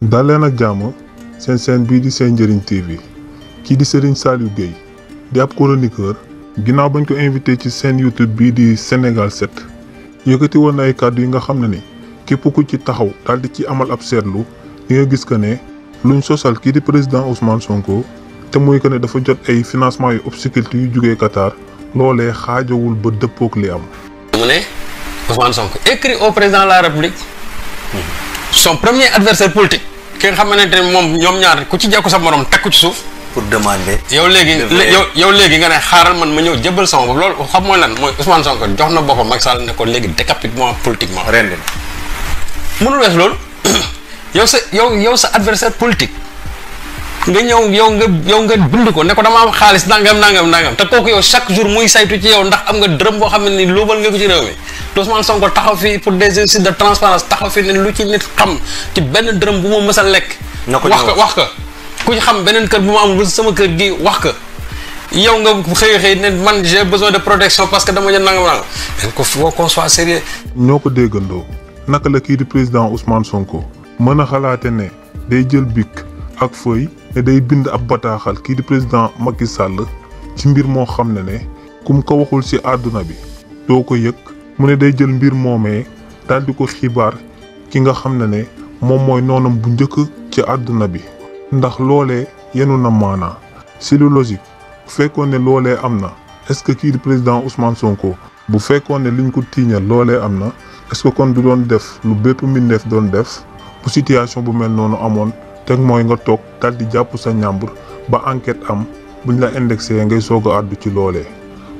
dal leen ak jàmm seen seen bii di seen njëriñ TV ci di Serigne Saliou Gueye di ab chroniqueur ginnaaw bañ ko invité ci seen YouTube bii di Sénégal 7 yëkkati woon na ay kàddu yi nga xam ne ni képp ku ci taxaw daal di ci amal ab seetlu di nga gis que ne luñ sosal kii di président Ousmane Sonko te muy que ne dafa jot ay financement yu obscurité yu jugee Qatar loolee xaajawul ba dëppook li am. son premier adversaire politique ki nga xamantene mom ñom ñaar ku ci jakku sa morom takku ci suuf pour demander yow léegi yow yow léegi nga ne xaaral man ma ñew jëbal sama bop lool xam mooy lan moy Ousmane Sonko jox na bopam ak sal ne ko léegi décapitement politiquement rend mënul wess lool yow sa yow yow sa adversaire politique nga ñew yow nga yow nga bind ko ne ko dama am xaalis nangam nangam nangam te kooku yow chaque jour muy saytu ci yow ndax am nga dërëm bo xamni lobal nga ko ci réew mi Ousmane Sonko taxaw fii pour des exercices de transparence taxaw fii ne lu ci nit xam ci benn dërëm bu ma mës a lekk. wax ko wax ko ku xam beneen kër bu ma amul sama kër gi wax ko. yow nga xëy xëy ne man j'ai besoin de protection parce que dama jël nangam nangam. dañ ko faut qu'on soit sérieux. ñoo ko déggandoo naka la kii di président Ousmane Sonko mën a xalaate ne day jël bic ak feuille ne day bind ab bataaxal kii di président Macky sàll ci mbir moo xam ne ne kum ko waxul ci àdduna bi doo ko yëg. mu ne day jël mbir moomee daal ko xibaar ki nga xam ne ne moom mooy noonam bu njëkk ci àdduna bi ndax loolee yenu na maanaa si lu logique bu fekkoon ne loolee am na est-ce que kii di président Ousmane Sonko bu fekkoon ne liñ ko tiiñal loolee am na est kon du doon def lu bépp mbindeef doon def bu situation bu mel noonu amoon teg mooy nga toog daal di jàpp sa ñàmbur ba enquête am buñ la indexé ngay soog a àddu ci loolee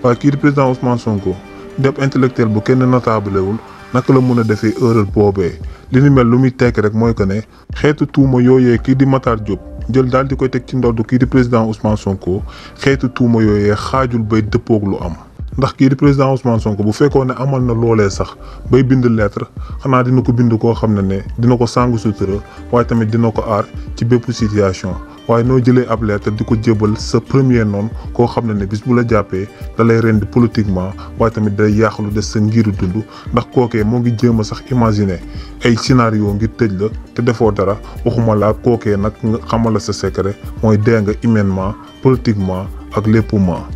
waaye kii di président Ousmane Sonko deb intellectuel bu kenn notable wul nak la mëna défé defee erreur boobee li ni mel lu mi ték rek moy ko ne xeetu tuuma yoyé ki di Matar job jël dal di koy ték ci ndodd ki di président Ousmane Sonko xeetu tuuma yoyé xajul bay dëppoog lu am. ndax kii di président Ousmane Sonko bu fekkoon ne amal na loolee sax bay bind lettre xanaa dina ko bind koo xam ne ne dina ko sàngu sutura waaye tamit dina ko aar ci bépp situation waaye noo jëlee ab lettre di ko jébal sa premier noonu koo xam ne ne bis bu la jàppee da lay rendi politiquement waaye tamit day yàq lu des sa ngiru dund ndax kookee moo ngi jéem a sax imaginer ay scénario ngir tëj la te defoo dara waxuma laa kookee nag nga xamal la sa secret mooy dee nga humainement politiquement ak léppement